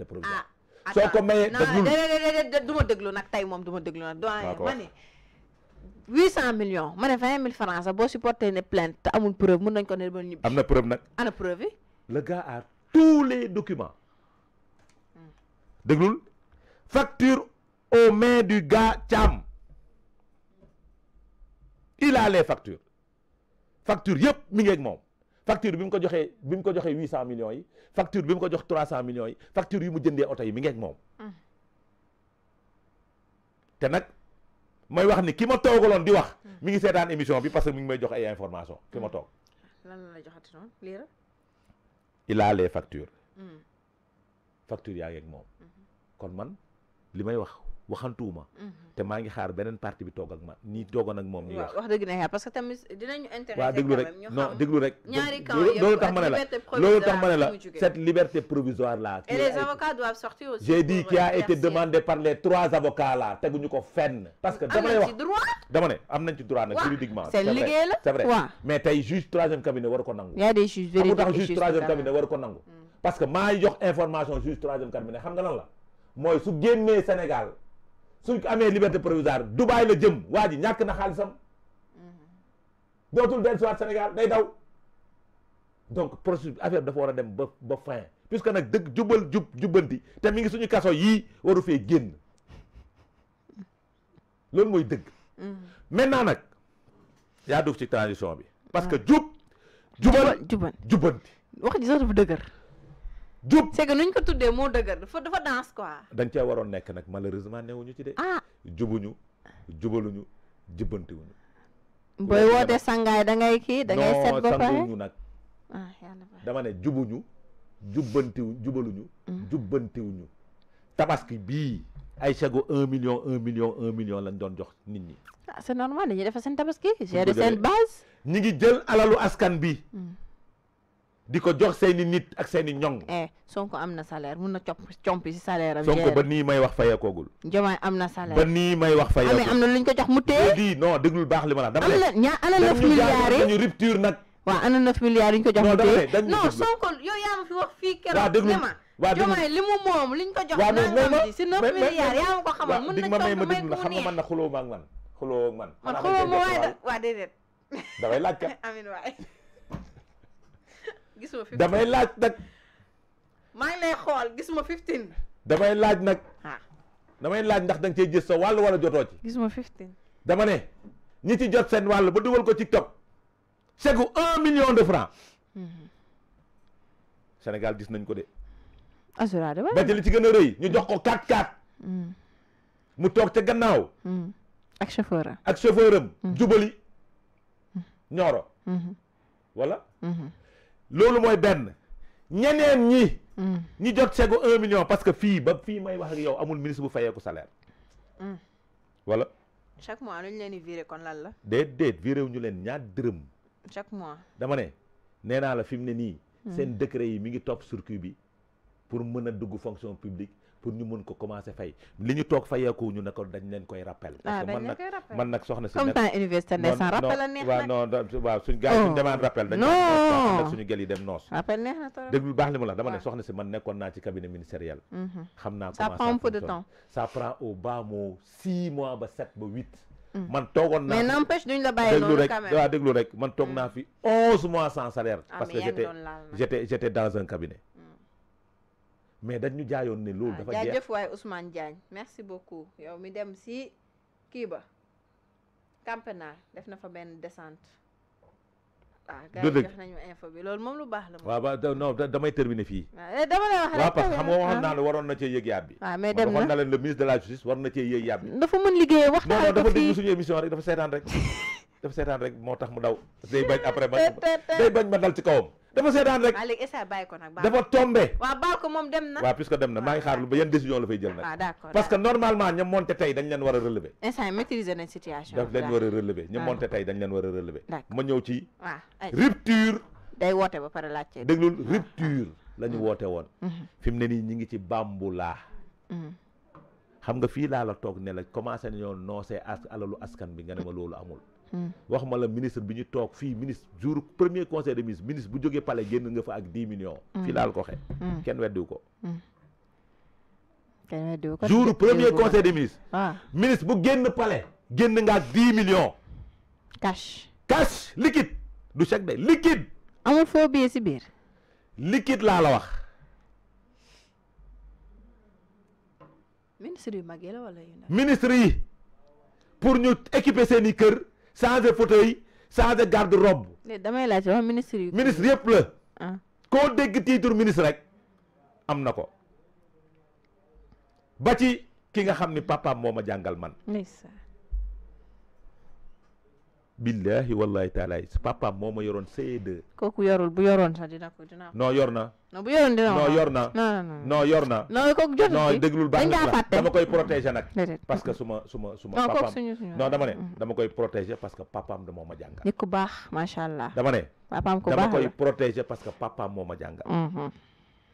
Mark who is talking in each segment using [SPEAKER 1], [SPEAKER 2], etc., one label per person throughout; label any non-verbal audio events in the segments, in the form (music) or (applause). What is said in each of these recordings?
[SPEAKER 1] liberté provisoire. Ah, soo ko mayee déglu non du ma déglu nag tey moom du ma déglu nag. doyen ma ne. 800 millions ma ne 20 000 francs boo supporté ne plainte te amul preuve mën nañ ko ne ba ñibbi. am preuve nak. ana preuve
[SPEAKER 2] le gars a tous les documents. Hmm. déglul facture aux mains du gars Cham. il a les factures. facture yëpp mi ngi ak moom facture bi mu ko joxee bi mu ko joxee 800 millions yi facture bi mu ko jox 300 millions yi facture yi mu jëndee oto yi mi ngi ak moom mm. te nag may wax ni kima togolon di wax mm. mi ngi seetaan émission bi parce que mi ngi may jox ay information kima tok mm.
[SPEAKER 1] toog lan la joxati non lii
[SPEAKER 2] il a les factures facture yaa ngi ak mom mm-hmm. kon man limay wax waxantuma mhm. te ma ngi xaar benen parti bi toog ak ma ni toogoon ak mom ñuy wax
[SPEAKER 1] wax dëgg na parce que tam dinañu intéressé waaw déglu ñu non déglu
[SPEAKER 2] rek loolu tax ma ne la loolu tax ma ne la cette liberté provisoire là et les
[SPEAKER 1] avocats doivent sortir aussi j'ai dit euh, qui a été
[SPEAKER 2] demandé par les trois avocats là teguñu ko fenn parce que dama lay wax dama ne am nañ ci droit nak juridiquement c'est liggéey la c'est vrai mais tay juge troisième cabinet war ko nangu y a des juges véridiques tax juge troisième cabinet war ko nangu mm. parce que maa jox information juge troisième cabinet xam nga lan la moy su génnee Sénégal suñ ko amé liberté provisoire dubai la jëm waa ji ñàkk na xaalisam dootul dellusiwaat Sénégal day daw donc processus affaire dafa wara dem ba ba fin puisque nak deug jubal jub jubbanti té mi ngi suñu kasso yi waru fi génn lool moy deug maintenant nak ya dugg ci transition bi. parce que jub. jubal jubbanti. wax ji sax dafa dëgër. jub c'est que nuñ ko tuddee moo dëgër
[SPEAKER 1] dafa dafa danse quoi.
[SPEAKER 2] dañ cee waroon nekk nag malheureusement newuñu ci de. ah jubuñu jubaluñu jubbantiwuñu. booy woote
[SPEAKER 1] sangaay da ngay kii da ngay ñu ba pare non nag. Ah,
[SPEAKER 2] dama ñu jubuñu jubbantiwu mm. jubbantiwuñu tabaski bii ay chèque un million un million un million lañ doon jox nit ñi.
[SPEAKER 1] ah c'est normal dañuy defar seen tabaski. gérer seen base.
[SPEAKER 2] ñi ngi jël alalu askan bi. Mm. di ko jox seeni nit ak seeni ñoŋ.
[SPEAKER 1] Eh, Sonko am na salaire mun na cop compi si salaire am. Sonko ba
[SPEAKER 2] nii may wax fayekoogul.
[SPEAKER 1] Diomaye am na salaire ba
[SPEAKER 2] nii may wax fayekoogul. am na lu ñu ko jox mu téye di non déglul baax li ma la. am na ñaa ana neuf milliards yi ñu ko jox mu téye non Sonko
[SPEAKER 1] yow yaa ma fi wax fii keroog. waaw déglu waaw Diomaye li mu moom li ñu ko jox. waaw mais mais ma si neuf milliards yaa ma ko xamal. mun na cop may ku xam nga man
[SPEAKER 2] na xuloo ma ak man xuloo man. man xuloo ma waaye da waaw déedéet. damay
[SPEAKER 1] laaj (laughs) gisuma 15 damay laaj nag. maa ngi lay xool gisuma 15.
[SPEAKER 2] damay laaj nag. Ah. damay laaj ndax da nga jës gis sa wàll wala jotoo ci.
[SPEAKER 1] gisuma 15.
[SPEAKER 2] dama ne ñi ci jot seen wàll ba dugal ko TikTok. chèque un million de francs. Mhm. Sénégal gis nañ ko de.
[SPEAKER 1] asura de ba li ci gën a rëy
[SPEAKER 2] ñu jox ko 4-4. Mm. mu toog ca gannaaw. ak
[SPEAKER 1] mm. chauffeur
[SPEAKER 2] ak chauffeur am. Mm. jubali. ñooro. wala. Mm-hmm. Mm-hmm. lolu moy ben ñeneen ñi. Mm. ñi jot segu un million parce que fi ba fi may wax ak yow amul ministre bu ko salaire. Mm. voilà.
[SPEAKER 1] chaque mois lu ñu leen viré kon lan la.
[SPEAKER 2] déedéet viré wu ñu leen ñaar dërëm. chaque mois dama né néna la fi mu ne nii. Mm. décret yi mi ngi top circuit bi pour mëna a dugg fonction publique pour ñu mun ko commencer fay liñu tok toog ñu ne dañ leen koy rappel. Ah, man nak man nak soxna si. comme temps université ne ndeysaan rappel neex na non non waaw suñu gars yi oh, suñu demaan rappel. dañu dem suñu gel yi dem nos rappel
[SPEAKER 1] neex na trop déglu
[SPEAKER 2] baax li mu la dama ne soxna ci man nekkon na ci cabinet ministériel. Mhm. xamna naa comment ça prend un peu de temps. ça prend au bas mot 6 mois ba 7 ba 8 mhm. man togon na mais n'empêche
[SPEAKER 1] duñ la bàyyi non quand même
[SPEAKER 2] deug lu rek man tok mhm. na fi 11 mois sans salaire. Ah, parce que j'étais j'étais j'étais dans un cabinet. mais dañu ñu jaayoon ne loolu. Ah, dafa jeex jaajëf
[SPEAKER 1] waaye Ousmane Diagne merci beaucoup yow mi dem si kii ba Camp Pénal def na fa benn descente. Ah, dëgg la jox nañu info bi loolu moom lu baax la.
[SPEAKER 2] waaw waaw damay terminer fii.
[SPEAKER 1] Ah, eh, dama lay wax
[SPEAKER 2] la waroon na cee yëg yaab bi.
[SPEAKER 1] waaw na waxoon na
[SPEAKER 2] leen le ministre de la justice war na cee yëg yaab (laughs)
[SPEAKER 1] dafa mën liggéeyam
[SPEAKER 2] waxtaan ko fii dafa déglu suñu émission rek dafa seetaan rek. (laughs) dafa seetaan rek moo tax mu daw. day bañ après ma day bañ ma dal ci kawam. dafa seetaan rek.
[SPEAKER 1] Ah, dafa tombé. waaw baal ko moom dem na. waaw
[SPEAKER 2] puisque dem na maa ngi xaar lu ba yan décision la fay jël nag. Ah, parce que normalement ña monté tey dañ leen war a relever.
[SPEAKER 1] a relever ña ah. monté
[SPEAKER 2] tey dañ leen ma ñëw ci.
[SPEAKER 1] rupture. day woote ba pare laajte. déglul
[SPEAKER 2] rupture la ñu mm-hmm. woote woon. Mm-hmm. fi ne nii ñi ngi ci bambulaa. Mm-hmm. xam nga fii laa la toog ne la commencé nañoo noosee alalu askan bi nga ne ma loolu amul. Mm. wax ma la ministre bi ñu toog fii ministre jour premier conseil des ministres ministre bu jógee palais génn nga fa ak dix millions. Mm. fii laal ko xe mm. kenn weddiwu ko.
[SPEAKER 1] jour premier conseil des ah.
[SPEAKER 2] ministre bu génn palais génn nga ak dix millions. cash. liquide du chèque de liquide. amul foo biyee si biir. liquide laa la wax. ministre yi pour ñu équiper seen kër. changer fauteuil changer garde robe.
[SPEAKER 1] damay laaj wax ministre
[SPEAKER 2] ministre yëpp la. Ah. koo dégg titre ministre rek am na ko ba ci ki nga xam ni papaam moo ma jàngal man. billahi wallahi taalaay papaam moo ma yoroon CE2. kooku yorul bu yoroon sax
[SPEAKER 1] dina na.
[SPEAKER 2] non yor na. na. non kooku jotut non déglul baax koy protéger nag. parce que suma suma suma. non kooku suñu suñu non dama koy protéger parce que papaam da moo ma jàngal.
[SPEAKER 1] nit ku baax macha allah. dama
[SPEAKER 2] ne. papaam ku baax dama koy protéger parce que papaam moo ma jàngal. Mm-hmm.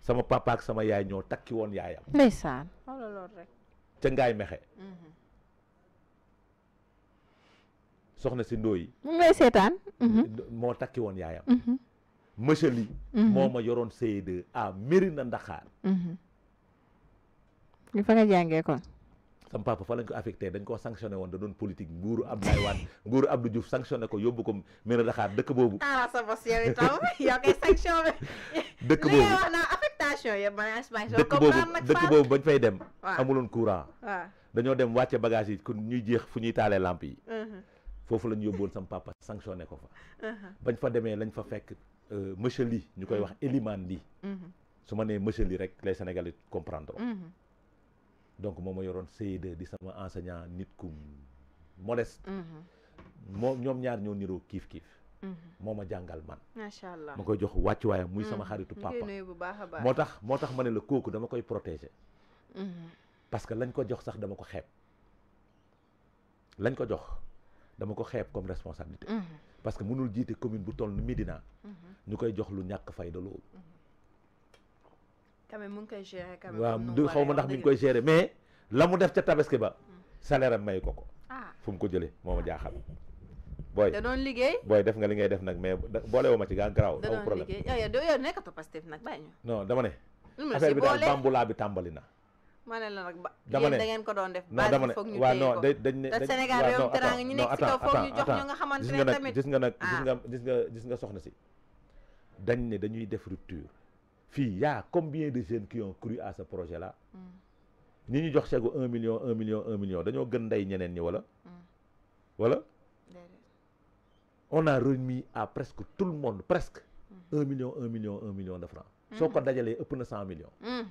[SPEAKER 2] sama papaak sama yaay ñoo takki woon yaayam. ndeysaan. ca Ngaay Mexe. Mm-hmm. soxna si ndóoyi mu ngay seetaan mm-hmm. Mm-hmm. moo takki woon yaayam mm-hmm. monsieur Ly moo ma yoroon CE2 à Mérina Ndaxaar
[SPEAKER 1] li fa nga jàngee kon
[SPEAKER 2] sam papa fa lañ ko affecté dañ ko sanctionné woon da doon politique nguuru Abdoulaye Wade nguuru Abdou Diouf sanctionné ko yóbbu ko Mérina Ndaxaar dëkk boobu
[SPEAKER 1] ah sa bos yow itam (laughs) yow (laughs) dëkk boobu li wax naa dëkk boobu dëkk boobu bañ fay
[SPEAKER 2] dem amuloon courant dañoo dem wàcce bagage yi ku ñuy jeex fu ñuy taalee lamp yi fofu lañ yobone sama papa sanctionné ko fa uh-huh. bañ fa démé lañ fa fekk euh, monsieur li ñukoy wax uh-huh. Eliman li uh-huh. su ma nee monsieur li rek les Sénégalais comprendre donc moma yoron cd e di sama enseignant nit ku modeste mom ñom ñaar ñoo niro kif kif moo ma man
[SPEAKER 1] macha allah ma koy
[SPEAKER 2] jox wàccuwaayam muy sama xaritu papa motax motax mané le koku dama koy protéger parce que lañ ko jox sax dama ko xép lañ ko jox dama ko xeeb comme responsabilité. Mhm. parce que mënul jité commune bu toll ni mm -hmm. ñukay jox lu fay fayda loolu. Mhm.
[SPEAKER 1] quand même mën ngi koy gérer. quand même waaw
[SPEAKER 2] du xawma ndax mi ngi koy gérer mais lamu def ci tabaski ba. Mhm. salaire am may ko ko. Ah. fu mu ko jëlé moma ma jaaxal. booy da doon liggéey. boy def nga li ngay def nak mais boolewu ci ga graw da doon liggéey
[SPEAKER 1] do yow nekkatoo Pastef nag nak ñu. non dama ne. affaire bi daal
[SPEAKER 2] bambulaa bi tambalina
[SPEAKER 1] Je ne suis pas certaine que vous allez le faire. Vous ne le faites pas à la base de nos besoins. Il y a un pays qui a un grand débat.
[SPEAKER 2] Je ne sais pas comment vous allez faire. Vous savez, nous avons fait des ruptures. Il y a combien de jeunes qui ont cru à ce projet. là Nous avons fait 1 million, 1 million, 1 million. Ils ont fait beaucoup plus. On a remis à presque tout le monde, presque 1 hmm. million, 1 million, 1 million de francs. En plus, ils ont mis à 100 millions. Hmm.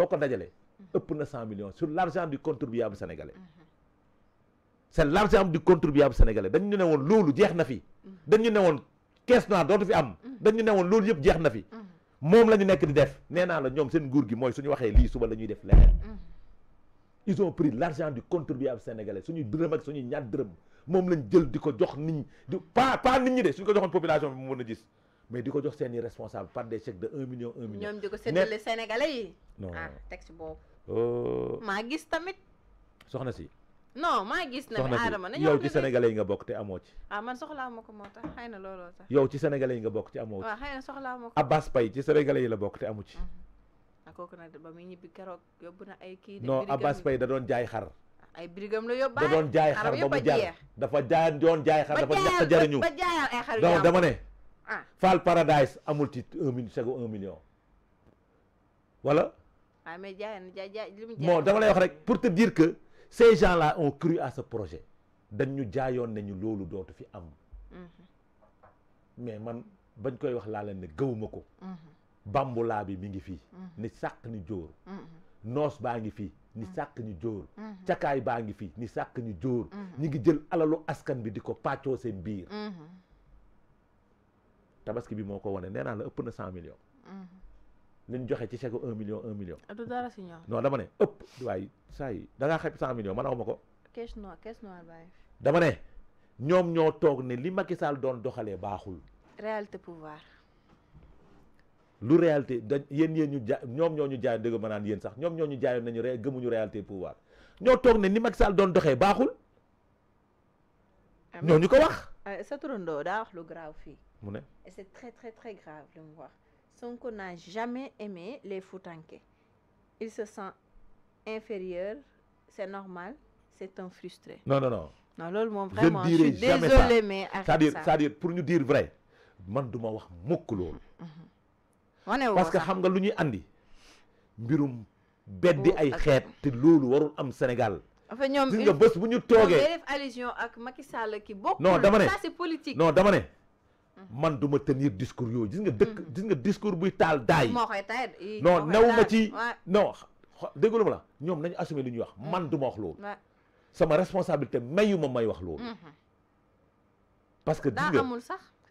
[SPEAKER 2] En plus, Mm-hmm. ëpp na cent millions sur l' argent du contribuable sénégalais mm-hmm. c' est l' argent du contribuable sénégalais dañ ñu ne woon loolu jeex na fi mm-hmm. dañ ñu ne woon caisse noire dootu fi am dañ ne woon loolu yëpp jeex na fi moom la ñu nekk di def nee naa la ñoom seen nguur gi mooy suñu waxee lii suba la ñuy def leneen ils ont pris l' argent du contribuable sénégalais suñuy dërëm ak suñuy ñaar dërëm moom lañ jël di ko jox nit ñi di pas pas nit ñi de suñ ko joxoon population bi mu mën a gis mais di ko jox seen i responsable par des chèques de un million un million. ñoom ah, euh, maa gis tamit. soxna si.
[SPEAKER 1] non maa gis na ne Adama nañoo yow ci sénégalais
[SPEAKER 2] yi nga bokk te amoo ci.
[SPEAKER 1] ah man soxlaa ma ko moo tax xëy na looloo tax.
[SPEAKER 2] yow ci sénégalais yi nga bokk te amoo ci. waaw
[SPEAKER 1] xëy na soxlaa ma ko.
[SPEAKER 2] Abbas Paye ci sénégalais yi la bokk te amu ci. Mhm.
[SPEAKER 1] ah kooku nag ba muy ñibbi keroog yóbbu na ay kii. non Abbas Paye
[SPEAKER 2] da doon jaay xar.
[SPEAKER 1] Ah, ay birigam la yóbbaale da ah, doon jaay xar ba mu jar
[SPEAKER 2] dafa jaay doon jaay xar dafa ñàkk
[SPEAKER 1] jariñu. Ah.
[SPEAKER 2] Fall Paradise amul ci un million segu un million voilà
[SPEAKER 1] ah, dama lay wax
[SPEAKER 2] rek pour te dire que ces gens là ont cru à ce projet dañ ñu jaayoon nañu loolu dootu fi am mm-hmm. mais man bañ koy wax laa leen ne gëwuma ko mm-hmm. bambulaa bi mi ngi fii mm-hmm. ni sàq ni jóor noos baa ngi fii ni sàkk ñu jóor cakaay baa ngi fii ni sàkk ñu jóor ñi ngi jël alalu askan bi di ko pàccoo seen biir tabaski bi moo ko wane nee naa la ëpp na cent millions.
[SPEAKER 1] li mm-hmm.
[SPEAKER 2] ñu joxe ci chèque un million un million.
[SPEAKER 1] du dara si ñoom.
[SPEAKER 2] non dama ne ëpp waaye saa yi da ngaa xeeb cent millions man waxuma ko.
[SPEAKER 1] caisse noire caisse noire bàyyi.
[SPEAKER 2] dama ne ñoom ñoo toog ni li Macky Sall doon doxalee baaxul.
[SPEAKER 1] réalité pouvoir.
[SPEAKER 2] lu réalité da yéen yéen ñu ja ñoom ñoo ñu jaay dëgg ma naan yéen sax ñoom ñoo ñu jaayoon nañu ré gëmuñu réalité pouvoir ñoo toog ne ni Macky Sall doon doxee baaxul.
[SPEAKER 1] Ah, ñoo ñu ko wax. Ah, sa turandoo daa wax lu garaaw fii. Et c'est très, très, très grave le voir. Sonko n'a jamais aimé les Foutanké. Il se sent inférieur, c'est normal, c'est un frustré. Non, non, non. Non, lol, mon vraiment, je, ne dirai je suis jamais désolé, ça. mais arrête ça. Dire, ça. Dire,
[SPEAKER 2] pour nous dire vrai, man douma wax mukk lool.
[SPEAKER 1] Mm-hmm. Parce que xam
[SPEAKER 2] nga lu andi mbirum beddi oh, ay xeet te loolu warul am Sénégal.
[SPEAKER 1] enfin ñoom gis nga bés bu ñu toogee. ñoom def allusion ak Macky Sall ki bokkul. non dama ne ça c'est politique. non dama
[SPEAKER 2] ne. Mhm. man peux tenir discours Je gis nga mhm. gis nga discours buy
[SPEAKER 1] non ci
[SPEAKER 2] non je ne la pas assumer lu wax mhm. man pas ma wax sama responsabilité mayuma may wax parce que amul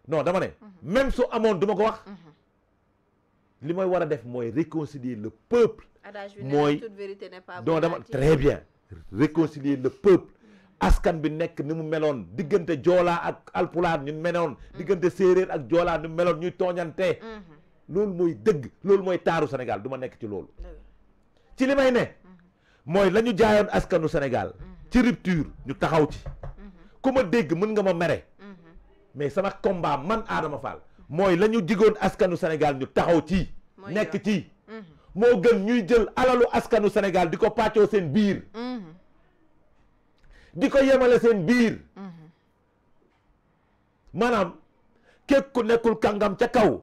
[SPEAKER 2] non dama ne même su amone duma ko wax li def réconcilier le peuple n'est très bien réconcilier le peuple askan bi nekk ni mu meloon diggante joolaa ak alpulaar ñu meloon mm-hmm. diggante séeréer ak joolaa ni mu meloon ñuy tooñante mm-hmm. loolu mooy dëgg loolu mooy taaru Sénégal du ma nekk ci loolu ci li may ne mm-hmm. mooy la ñu jaayoon askanu Sénégal ci rupture ñu taxaw ci ku ma dégg mën nga ma mere mais sama combat man Adama Fall mooy la ñu jigoon askanu Sénégal ñu taxaw ci nekk ci moo gën ñuy jël alalu askanu Sénégal di ko pàccoo seen biir di ko yemale seen biir mm-hmm. maanaam képp ku nekkul kàngam ca kaw